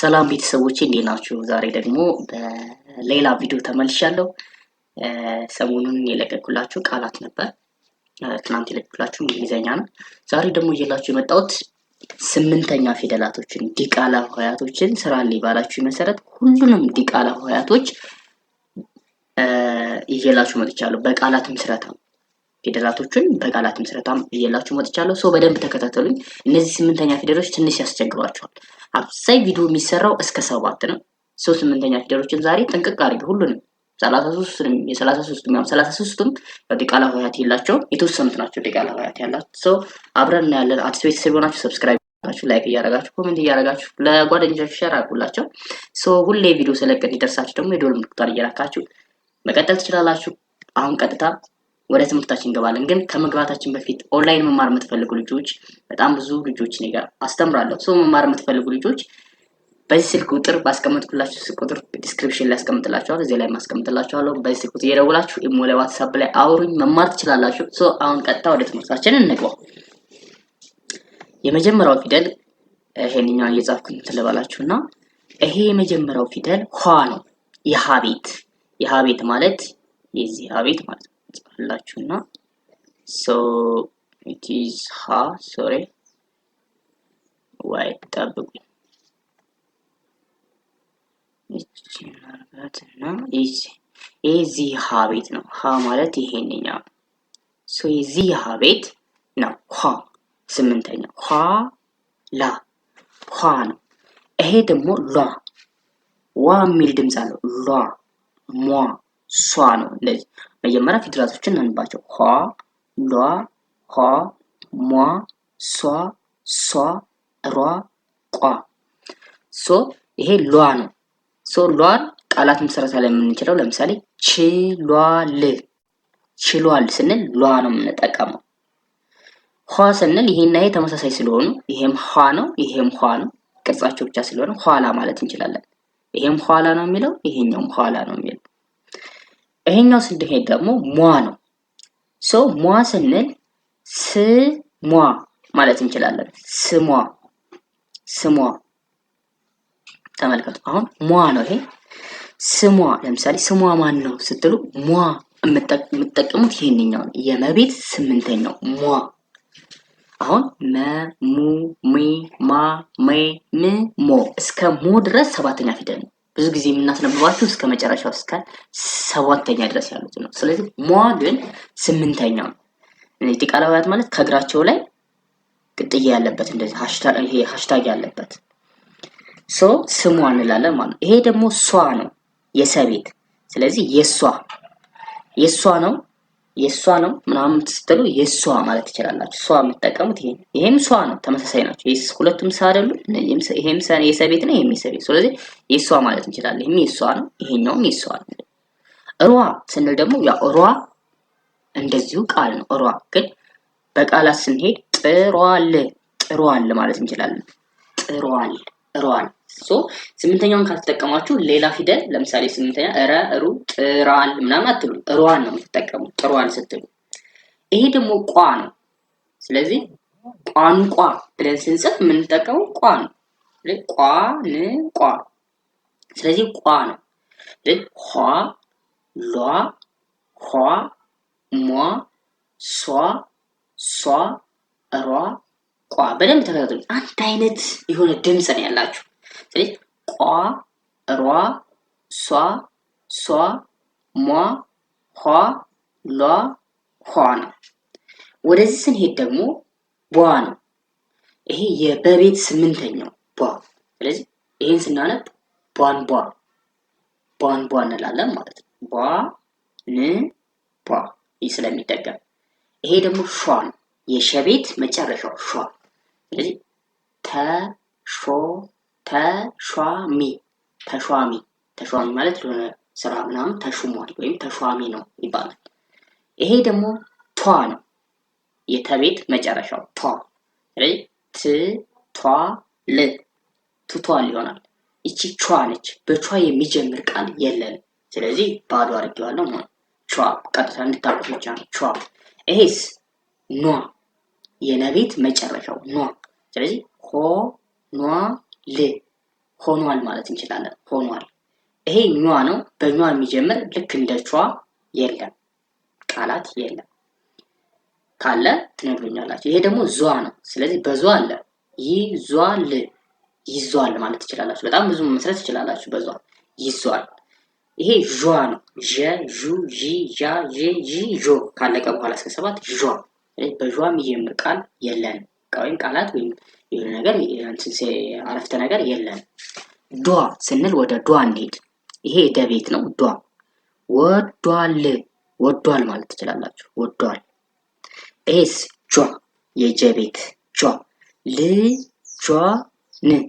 ሰላም ቤተሰቦቼ እንዴት ናችሁ? ዛሬ ደግሞ በሌላ ቪዲዮ ተመልሻለሁ። ሰሞኑን የለቀኩላችሁ ቃላት ነበር፣ ትናንት የለቀኩላችሁ እንግሊዘኛ ነው። ዛሬ ደግሞ እየላችሁ የመጣሁት ስምንተኛ ፊደላቶችን ዲቃላ ሆሄያቶችን ስራ ሊባላችሁ መሰረት ሁሉንም ዲቃላ ሆሄያቶች እየላችሁ መጥቻለሁ። በቃላት ምስረታ ፊደላቶቹን በቃላት ምስረታም እየላችሁ መጥቻለሁ። ሰው በደንብ ተከታተሉኝ። እነዚህ ስምንተኛ ፊደሎች ትንሽ ያስቸግሯቸዋል። አብሳይ ቪዲዮ የሚሰራው እስከ ሰባት ነው። ሰው ስምንተኛ ፊደሎችን ዛሬ ጥንቅቅ አድርጌ ሁሉንም የሰላሳ ሶስቱም ያው ሰላሳ ሶስቱም ዲቃላ ሆሄያት የላቸውም የተወሰኑት ናቸው ዲቃላ ሆሄያት ያላቸው። ሰው አብረን እናያለን። አዲስ ቤተሰብ የሆናችሁ ሰብስክራይብ ያደረጋችሁ ላይክ እያደረጋችሁ ኮሜንት እያደረጋችሁ ለጓደኞቻችሁ ሸር አድርጉላቸው። ሰው ሁሌ ቪዲዮ ስለቅ እንዲደርሳችሁ ደግሞ የደወል ምልክቷን እየላካችሁ መቀጠል ትችላላችሁ። አሁን ቀጥታ ወደ ትምህርታችን እንገባለን። ግን ከመግባታችን በፊት ኦንላይን መማር የምትፈልጉ ልጆች በጣም ብዙ ልጆች እኔ ጋር አስተምራለሁ። ሰው መማር የምትፈልጉ ልጆች በዚህ ስልክ ቁጥር ባስቀመጥኩላችሁ ስልክ ቁጥር ዲስክሪፕሽን ላይ ያስቀምጥላችኋለሁ፣ እዚህ ላይ ማስቀምጥላችኋለሁ። በዚህ ስልክ ቁጥር እየደወላችሁ ኢሞ ላይ፣ ዋትሳፕ ላይ አውሩኝ፣ መማር ትችላላችሁ። ሶ አሁን ቀጥታ ወደ ትምህርታችን እንግባው። የመጀመሪያው ፊደል ይሄንኛውን እየጻፍኩኝ ትልባላችሁ እና ይሄ የመጀመሪያው ፊደል ኋ ነው። የሀ ቤት የሀ ቤት ማለት የዚህ ሀ ቤት ማለት ነው። ጽፍላችሁና ሶ ኢቲዝ ሀ ሶሪ ዋይ ጠብቁ ይችናርጋትና የዚህ ሀ ቤት ነው። ሀ ማለት ይሄንኛው ሶ የዚህ ሀ ቤት ነው። ኋ ስምንተኛው ኋ ላ ኋ ነው። ይሄ ደግሞ ሏ ዋ የሚል ድምፅ አለው። ሏ ሟ ሷ ነው እንደዚህ መጀመሪያ ፊደላቶችን እንንባቸው። ኋ ሏ ሖ ሟ ሷ ሷ ሯ ቋ። ሶ ይሄ ሏ ነው። ሶ ሏን ቃላት መሰረታ ላይ የምንችለው ለምሳሌ ችሏል ችሏል ስንል ሏ ነው የምንጠቀመው። ኋ ስንል ይሄና ይሄ ተመሳሳይ ስለሆኑ ይሄም ኋ ነው፣ ይሄም ኋ ነው። ቅርጻቸው ብቻ ስለሆነ ኋላ ማለት እንችላለን። ይሄም ኋላ ነው የሚለው ይሄኛውም ኋላ ነው የሚለው ይሄኛው ስንሄድ ደግሞ ሟ ነው። ሶ ሟ ስንል ስሟ ማለት እንችላለን። ስሟ ስሟ ተመልከቱ። አሁን ሟ ነው ይሄ ስሟ። ለምሳሌ ስሟ ማን ነው ስትሉ ሟ የምትጠቀሙት ይሄንኛው ነው። የመቤት ስምንተኛው ሟ። አሁን መ ሙ ሚ ማ ሜ ም ሞ እስከ ሞ ድረስ ሰባተኛ ፊደል ነው። ብዙ ጊዜ የምናስነብባቸው እስከ መጨረሻው እስከ ሰባተኛ ድረስ ያሉት ነው። ስለዚህ ሟ ግን ስምንተኛው ነው። ዲቃላ ማለት ከእግራቸው ላይ ቅጥያ ያለበት እንደዚህ ሀሽታግ ያለበት ሶ ስሟ እንላለን ማለት ነው። ይሄ ደግሞ ሷ ነው የሰቤት ስለዚህ የሷ የሷ ነው የእሷ ነው ምናምን ስትሉ የእሷ ማለት ትችላላችሁ። እሷ የምትጠቀሙት ይሄ ይሄም እሷ ነው። ተመሳሳይ ናቸው። ሁለቱም ሰ አደሉ። ይሄም ሰ የሰቤት ነው፣ ይሄም የሰቤት። ስለዚህ የእሷ ማለት እንችላለን። ይህም የእሷ ነው፣ ይሄኛውም የእሷ ነው። እሯ ስንል ደግሞ ያው እሯ እንደዚሁ ቃል ነው። እሯ ግን በቃላት ስንሄድ ጥሯል፣ ጥሯል ማለት እንችላለን። ጥሯል፣ እሯል ሶ ስምንተኛውን ካልተጠቀማችሁ ሌላ ፊደል ለምሳሌ ስምንተኛ ረ፣ ሩ፣ ጥራል ምናምን አትሉ። ሯን ነው የምትጠቀሙት ጥሯን ስትሉ። ይሄ ደግሞ ቋ ነው። ስለዚህ ቋንቋ ብለን ስንጽፍ የምንጠቀሙ ቋ ነው። ቋ ስለዚህ ቋ ነው። ኋ፣ ሏ፣ ኋ፣ ሟ፣ ሷ፣ ሷ፣ ሯ፣ ቋ። በደንብ ተከታተሉ። አንድ አይነት የሆነ ድምፅ ነው ያላችሁ ስለዚህ ቋ፣ ሯ፣ ሷ፣ ሷ፣ ሟ፣ ኋ፣ ሏ፣ ኋ ነው። ወደዚህ ስንሄድ ደግሞ ቧ ነው። ይሄ የበቤት ስምንተኛው ቧ። ስለዚህ ይሄን ስናነብ ቧን ቧ እንላለን ማለት ነው። ቧ ን ቧ ይህ ስለሚጠቀም ይሄ ደግሞ ሿ ነው። የሸቤት መጨረሻው ሿ። ስለዚህ ተሾ ተሿሚ ተሿሚ ተሿሚ ማለት ሆነ ስራ ምናምን ተሹሟል ወይም ተሿሚ ነው ይባላል። ይሄ ደግሞ ቷ ነው የተቤት መጨረሻው ቷ። ስለዚህ ት ቷ ል ትቷል ይሆናል። ይቺ ቿ ነች። በቿ የሚጀምር ቃል የለን። ስለዚህ ባዶ አድርጌዋለሁ ማለት ቿ ቀጥታ እንድታቁት ብቻ ነው ቿ። ይሄስ ኗ የነቤት መጨረሻው ኗ። ስለዚህ ሆ ኗ ል ሆኗል ማለት እንችላለን። ሆኗል ይሄ ኟ ነው። በኟ የሚጀምር ልክ እንደ ቿ የለም ቃላት የለም። ካለ ትነግሩኛላችሁ። ይሄ ደግሞ ዟ ነው። ስለዚህ በዟ አለ ይዟል ይዟል ማለት ትችላላችሁ። በጣም ብዙ መስረት ትችላላችሁ። በዟ ይዟል። ይሄ ዣ ነው። ዠ ዡ ዢ ዣ ዤ ዢ ዦ ካለቀ በኋላ እስከ ሰባት ዣ በ የሚጀምር ቃል የለንም። ወይም ቃላት ወይም የሆነ ነገር አረፍተ ነገር የለም። ዷ ስንል ወደ ዷ እንሄድ። ይሄ ደቤት ነው። ዷ ወዷል፣ ወዷል ማለት ትችላላችሁ። ወዷል። ኤስ ጇ የጀቤት ጇ ልጇን፣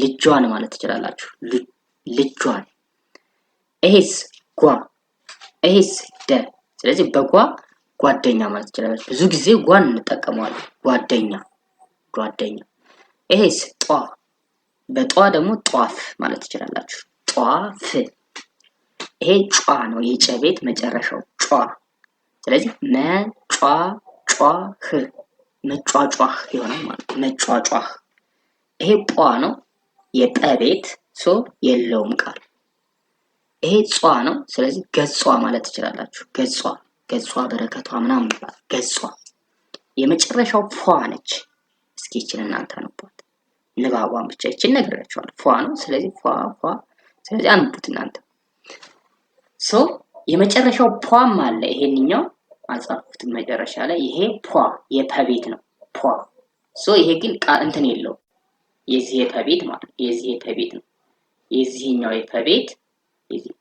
ልጇን ማለት ትችላላችሁ። ልጇን። ኤስ ጓ ኤስ ደ ስለዚህ በጓ ጓደኛ ማለት ትችላለች። ብዙ ጊዜ ጓን እንጠቀመዋለን። ጓደኛ ጓደኛ። ይሄስ ጧ። በጧ ደግሞ ጧፍ ማለት ትችላላችሁ። ጧፍ። ይሄ ጯ ነው የጨ ቤት መጨረሻው ጯ። ስለዚህ መጯጯህ መጯጯህ ይሆናል ማለት ነው። መጯጯህ። ይሄ ጧ ነው የጠ ቤት ሶ የለውም ቃል። ይሄ ጿ ነው። ስለዚህ ገጿ ማለት ትችላላችሁ። ገጿ ገጿ በረከቷ ምናምን ይባል ገጿ የመጨረሻው ፏ ነች። እስኪ ይችን እናንተ አንቧት፣ ንባቧን ብቻ ይችን ነግራችኋለሁ። ፏ ነው። ስለዚህ ፏ ፏ፣ ስለዚህ አንቡት እናንተ ሶ የመጨረሻው ፖም አለ። ይሄንኛው አጻፉት መጨረሻ ላይ ይሄ ፖ የፐቤት ነው። ፖ ሶ ይሄ ግን እንትን የለው የዚህ የፐቤት ማለት የዚህ የፐቤት ነው። የዚህኛው የፐቤት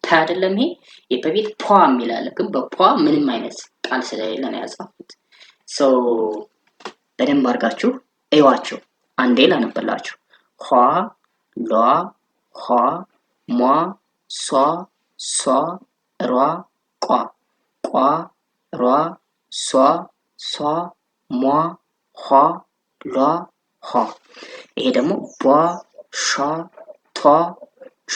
ታ አይደለም ይሄ በቤት ፖ የሚላለ ግን ምንም አይነት ቃል ስለሌለ ነው ያጻፉት። ሰው በደንብ አድርጋችሁ እዋቸው አንዴ ላነበላችሁ ኋ ሏ ኋ ሟ ሷ ሷ ሯ ቋ ቋ ሯ ሷ ሷ ሟ ኋ ሏ ይሄ ደግሞ ቧ ሿ ቷ ቿ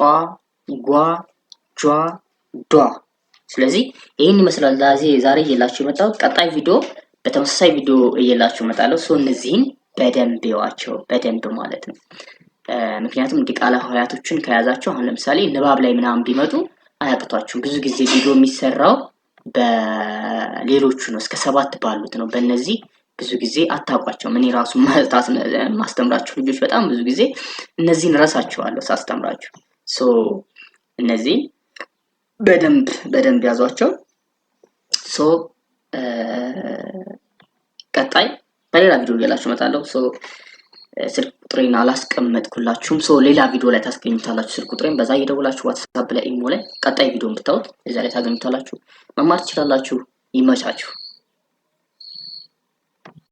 ጧ፣ ጓ፣ ጇ፣ ዷ። ስለዚህ ይህን ይመስላል ዛሬ እየላችሁ የመጣሁት። ቀጣይ ቪዲዮ በተመሳሳይ ቪዲዮ እየላችሁ እመጣለሁ። ሰው እነዚህን በደንብ ይዋቸው በደንብ ማለት ነው። ምክንያቱም ዲቃላ ሆሄያቶችን ከያዛቸው አሁን ለምሳሌ ንባብ ላይ ምናምን ቢመጡ አያቅቷችሁም። ብዙ ጊዜ ቪዲዮ የሚሰራው በሌሎቹ ነው፣ እስከ ሰባት ባሉት ነው። በእነዚህ ብዙ ጊዜ አታውቋቸውም። እኔ ራሱ ማስተምራቸው ልጆች በጣም ብዙ ጊዜ እነዚህን ረሳቸዋለሁ ሳስተምራቸው እነዚህ በደንብ በደንብ ያዟቸው። ሶ ቀጣይ በሌላ ቪዲዮ እያላችሁ እመጣለሁ። ሶ ስልክ ቁጥሬን አላስቀመጥኩላችሁም። ሶ ሌላ ቪዲዮ ላይ ታስገኙታላችሁ ስልክ ቁጥሬን። በዛ እየደውላችሁ ዋትሳፕ ላይ፣ ኢሞ ላይ ቀጣይ ቪዲዮ ብታዩት እዛ ላይ ታገኙታላችሁ። መማር ትችላላችሁ። ይመቻችሁ።